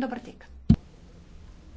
dober tek.